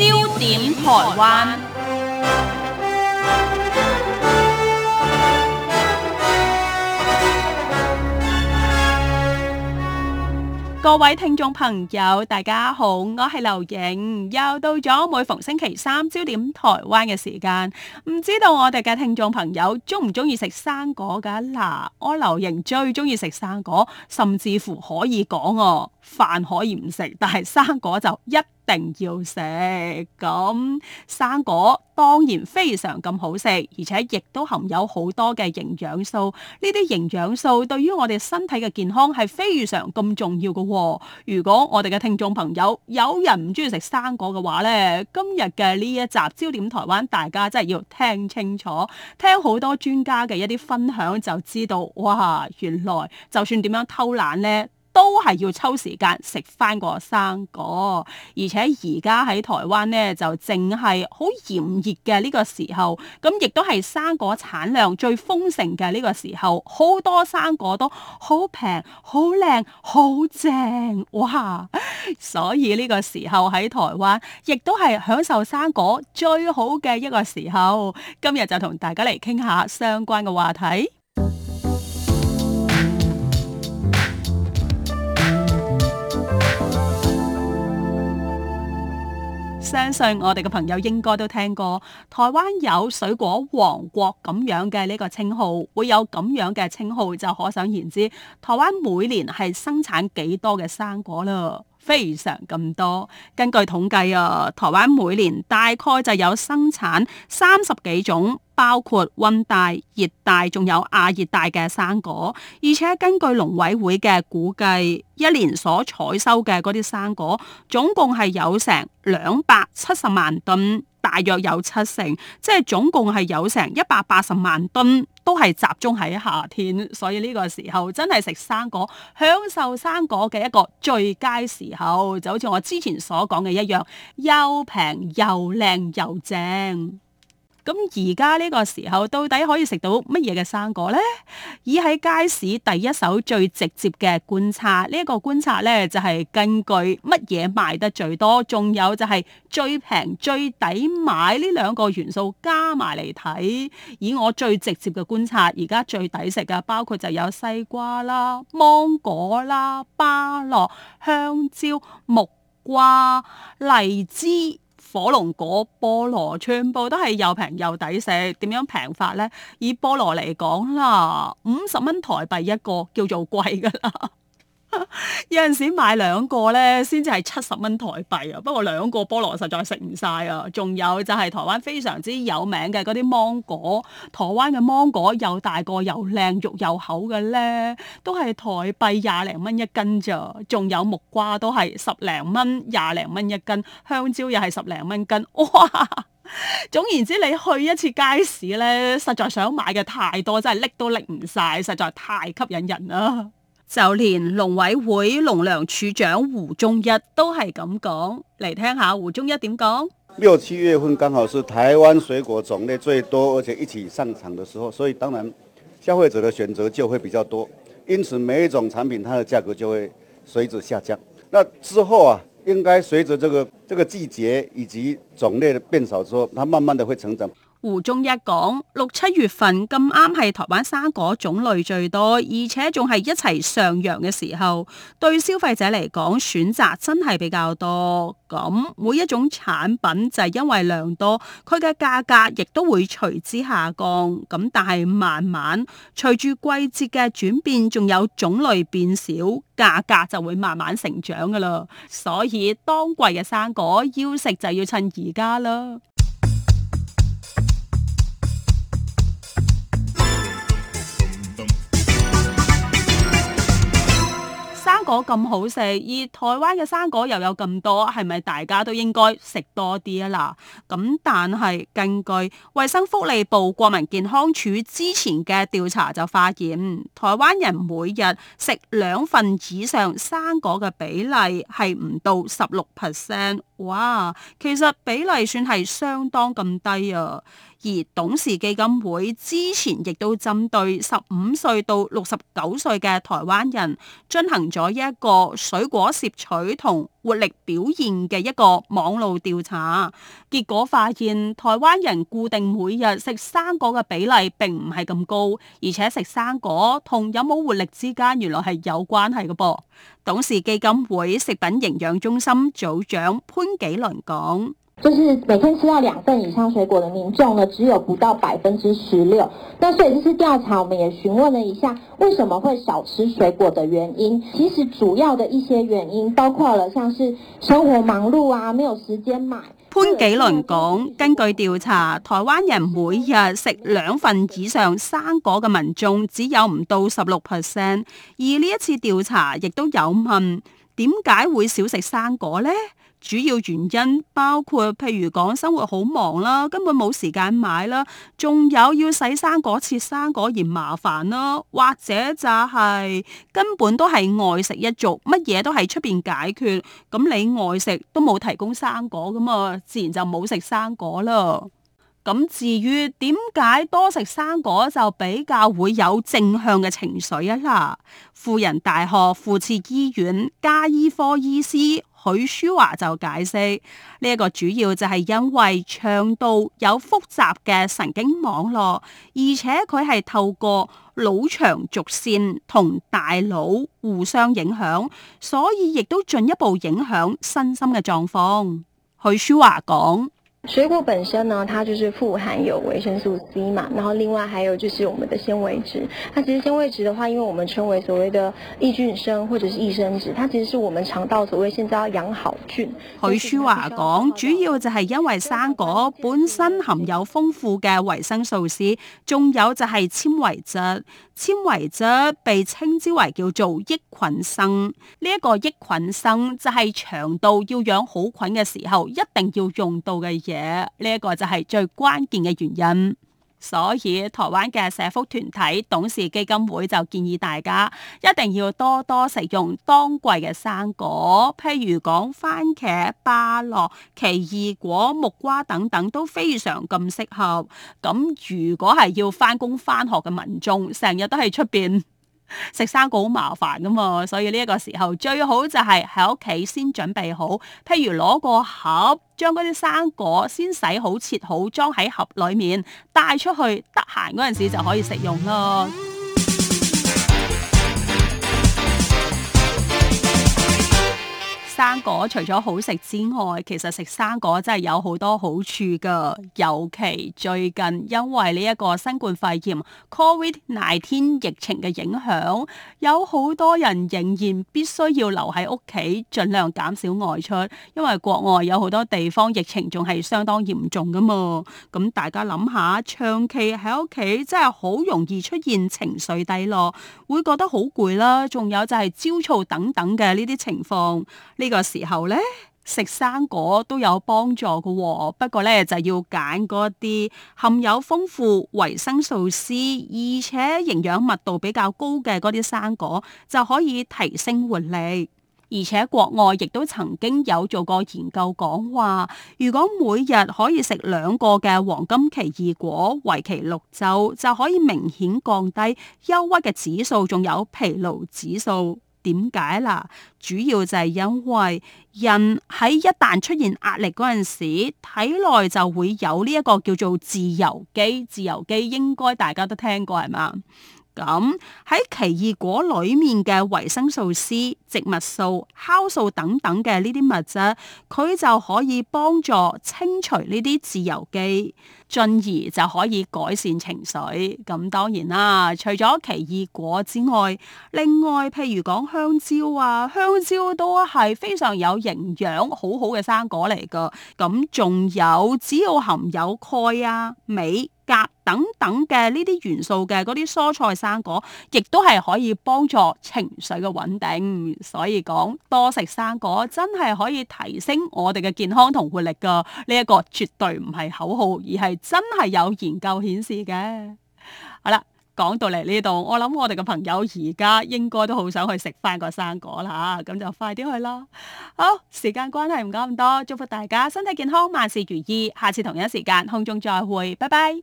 焦點台灣，各位聽眾朋友，大家好，我係劉瑩，又到咗每逢星期三焦點台灣嘅時間，唔知道我哋嘅聽眾朋友中唔中意食生果噶？嗱，我劉瑩最中意食生果，甚至乎可以講哦，飯可以唔食，但係生果就一。一定要食咁。生果，當然非常咁好食，而且亦都含有好多嘅營養素。呢啲營養素對於我哋身體嘅健康係非常咁重要噶哦。如果我哋嘅聽眾朋友有人唔中意食生果嘅話呢，今日嘅呢一集焦點台灣，大家真係要聽清楚，聽好多專家嘅一啲分享，就知道哇，原來就算點樣偷懶呢。都係要抽時間食翻個生果，而且而家喺台灣呢，就正係好炎熱嘅呢個時候，咁亦都係生果產量最豐盛嘅呢個時候，好多生果都好平、好靚、好正哇！所以呢個時候喺台灣亦都係享受生果最好嘅一個時候。今日就同大家嚟傾下相關嘅話題。相信我哋嘅朋友應該都聽過，台灣有水果王國咁樣嘅呢個稱號，會有咁樣嘅稱號，就可想而知，台灣每年係生產幾多嘅生果啦。非常咁多，根據統計啊，台灣每年大概就有生產三十幾種，包括温帶、熱帶，仲有亞熱帶嘅生果。而且根據農委會嘅估計，一年所採收嘅嗰啲生果總共係有成兩百七十萬噸。大約有七成，即係總共係有成一百八十萬噸，都係集中喺夏天，所以呢個時候真係食生果，享受生果嘅一個最佳時候，就好似我之前所講嘅一樣，又平又靚又正。咁而家呢個時候到底可以食到乜嘢嘅生果呢？以喺街市第一手最直接嘅觀察，呢、這、一個觀察呢，就係、是、根據乜嘢賣得最多，仲有就係最平最抵買呢兩個元素加埋嚟睇。以我最直接嘅觀察，而家最抵食嘅包括就有西瓜啦、芒果啦、芭樂、香蕉、木瓜、荔枝。火龍果、菠蘿全部都係又平又抵食，點樣平法呢？以菠蘿嚟講啦，五十蚊台幣一個叫做貴㗎啦。 有陣時買兩個咧，先至係七十蚊台幣啊！不過兩個菠蘿實在食唔晒啊，仲有就係台灣非常之有名嘅嗰啲芒果，台灣嘅芒果又大個又靚，肉又厚嘅呢，都係台幣廿零蚊一斤咋。仲有木瓜都係十零蚊、廿零蚊一斤，香蕉又係十零蚊一斤，哇！總言之你去一次街市呢，實在想買嘅太多，真係拎都拎唔晒，實在太吸引人啦、啊、～就連農委會農糧處長胡忠一都係咁講，嚟聽下胡忠一點講。六七月份剛好是台灣水果種類最多，而且一起上場的時候，所以當然消費者的選擇就會比較多，因此每一種產品它的價格就會隨之下降。那之後啊，應該隨着這個這個季節以及種類的變少之後，它慢慢的會成長。胡忠一講，六七月份咁啱係台灣生果種類最多，而且仲係一齊上揚嘅時候，對消費者嚟講，選擇真係比較多。咁每一種產品就係因為量多，佢嘅價格亦都會隨之下降。咁但係慢慢隨住季節嘅轉變，仲有種類變少，價格就會慢慢成長噶啦。所以當季嘅生果要食就要趁而家啦。果咁、哦、好食，而台灣嘅生果又有咁多，係咪大家都應該食多啲啊？嗱、嗯，咁但係根據衛生福利部國民健康署之前嘅調查就發現，台灣人每日食兩份以上生果嘅比例係唔到十六 percent。哇，其實比例算係相當咁低啊！而董事基金會之前亦都針對十五歲到六十九歲嘅台灣人進行咗一個水果攝取同活力表現嘅一個網路調查，結果發現台灣人固定每日食生果嘅比例並唔係咁高，而且食生果同有冇活力之間原來係有關係嘅噃。董事基金會食品營養中心組長潘紀倫講。就是每天吃到兩份以上水果的民眾呢，只有不到百分之十六。那所以這次調查，我們也詢問了一下，為什麼會少吃水果的原因。其實主要的一些原因包括了，像是生活忙碌啊，沒有時間買。潘紀倫講，根據調查，台灣人每日食兩份以上生果嘅民眾只有唔到十六 percent，而呢一次調查亦都有問，點解會少食生果呢？主要原因包括，譬如講生活好忙啦，根本冇時間買啦，仲有要洗生果、切生果嫌麻煩啦，或者就係、是、根本都係外食一族，乜嘢都係出邊解決，咁你外食都冇提供生果，㗎嘛，自然就冇食生果啦。咁至於點解多食生果就比較會有正向嘅情緒啊啦？輔仁大學附設醫院家醫科醫師許書華就解釋，呢、這、一個主要就係因為腸道有複雜嘅神經網絡，而且佢係透過腦腸軸線同大腦互相影響，所以亦都進一步影響身心嘅狀況。許書華講。水果本身呢，它就是富含有維生素 C 嘛，然後另外還有就是我們的纖維質。它其實纖維質的話，因為我們稱為所謂的益菌生或者是益生質，它其實是我們腸道所謂現在要養好菌。許舒華講，主要就係因為生果本身含有豐富嘅維生素 C，仲有就係纖維質。纖維質被稱之為叫做益菌生，呢、這、一個益菌生就係腸道要養好菌嘅時候一定要用到嘅。嘢呢一個就係最關鍵嘅原因，所以台灣嘅社福團體董事基金會就建議大家一定要多多食用當季嘅生果，譬如講番茄、芭樂、奇異果、木瓜等等都非常咁適合。咁如果係要返工返學嘅民眾，成日都喺出邊。食生果好麻煩㗎嘛，所以呢一個時候最好就係喺屋企先準備好，譬如攞個盒，將嗰啲生果先洗好、切好，裝喺盒裏面，帶出去，得閒嗰陣時就可以食用咯。生果除咗好食之外，其實食生果真係有好多好處㗎。尤其最近因為呢一個新冠肺炎 （COVID-19） 疫情嘅影響，有好多人仍然必須要留喺屋企，儘量減少外出，因為國外有好多地方疫情仲係相當嚴重㗎嘛。咁、嗯、大家諗下，長期喺屋企真係好容易出現情緒低落，會覺得好攰啦，仲有就係焦躁等等嘅呢啲情況。呢個時候咧，食生果都有幫助嘅喎。不過咧，就要揀嗰啲含有豐富維生素 C，而且營養密度比較高嘅嗰啲生果，就可以提升活力。而且國外亦都曾經有做過研究，講話如果每日可以食兩個嘅黃金奇異果，為期六週，就可以明顯降低憂鬱嘅指數，仲有疲勞指數。點解啦？主要就係因為人喺一旦出現壓力嗰陣時，體內就會有呢一個叫做自由基。自由基應該大家都聽過係嘛？咁喺、嗯、奇異果裏面嘅維生素 C、植物素、酵素等等嘅呢啲物質，佢就可以幫助清除呢啲自由基，進而就可以改善情緒。咁、嗯、當然啦，除咗奇異果之外，另外譬如講香蕉啊，香蕉都係非常有營養、好好嘅生果嚟㗎。咁、嗯、仲有，只要含有鈣啊、鎂。等等嘅呢啲元素嘅嗰啲蔬菜生果，亦都係可以幫助情緒嘅穩定。所以講多食生果真係可以提升我哋嘅健康同活力噶。呢一個絕對唔係口號，而係真係有研究顯示嘅。好啦，講到嚟呢度，我諗我哋嘅朋友而家應該都好想去食翻個生果啦，咁就快啲去啦。好，時間關係唔講咁多，祝福大家身體健康，萬事如意。下次同一時間空中再會，拜拜。